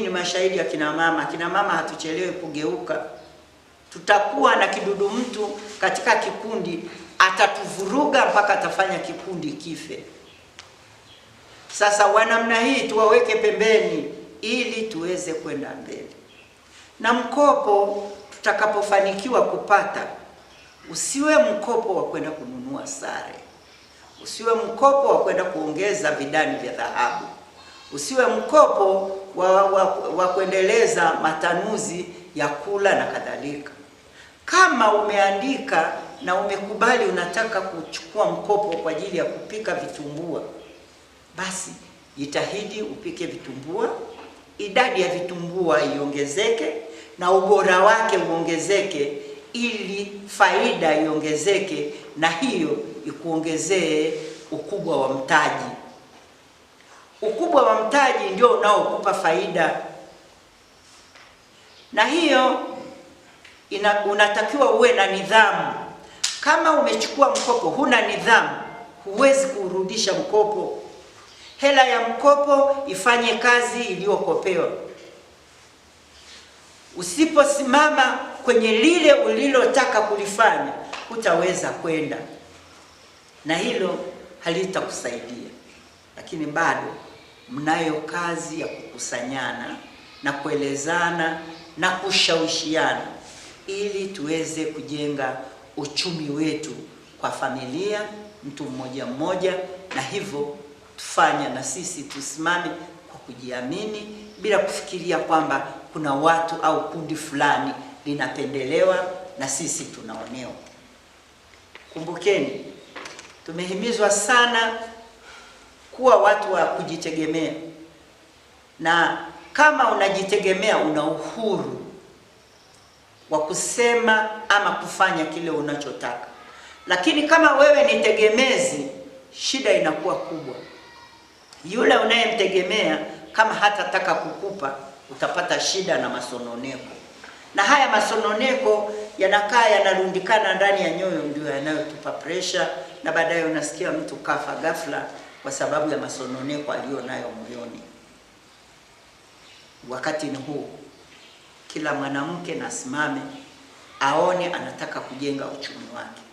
nyinyi ni mashahidi kina mama. Kina mama hatuchelewi kugeuka. Tutakuwa na kidudu mtu katika kikundi, atatuvuruga mpaka atafanya kikundi kife. Sasa wanamna hii tuwaweke pembeni, ili tuweze kwenda mbele na mkopo tutakapofanikiwa kupata usiwe mkopo wa kwenda kununua sare, usiwe mkopo wa kwenda kuongeza vidani vya dhahabu, usiwe mkopo wa, wa, wa kuendeleza matanuzi ya kula na kadhalika. Kama umeandika na umekubali unataka kuchukua mkopo kwa ajili ya kupika vitumbua, basi jitahidi upike vitumbua, idadi ya vitumbua iongezeke na ubora wake uongezeke, ili faida iongezeke, na hiyo ikuongezee ukubwa wa mtaji. Ukubwa wa mtaji ndio unaokupa faida, na hiyo ina, unatakiwa uwe na nidhamu. Kama umechukua mkopo huna nidhamu, huwezi kurudisha mkopo. Hela ya mkopo ifanye kazi iliyokopewa. Usiposimama kwenye lile ulilotaka kulifanya, hutaweza kwenda, na hilo halitakusaidia, lakini bado mnayo kazi ya kukusanyana na kuelezana na kushawishiana ili tuweze kujenga uchumi wetu kwa familia, mtu mmoja mmoja, na hivyo tufanya na sisi tusimame kwa kujiamini bila kufikiria kwamba kuna watu au kundi fulani linapendelewa na sisi tunaonewa. Kumbukeni, tumehimizwa sana kuwa watu wa kujitegemea, na kama unajitegemea, una uhuru wa kusema ama kufanya kile unachotaka. Lakini kama wewe ni tegemezi, shida inakuwa kubwa. Yule unayemtegemea kama hatataka kukupa, utapata shida na masononeko, na haya masononeko yanakaa yanarundikana ndani ya nyoyo, ndio yanayotupa presha, na baadaye unasikia mtu kafa ghafla kwa sababu ya masononeko aliyo nayo moyoni. Wakati ni huu, kila mwanamke na simame aone anataka kujenga uchumi wake.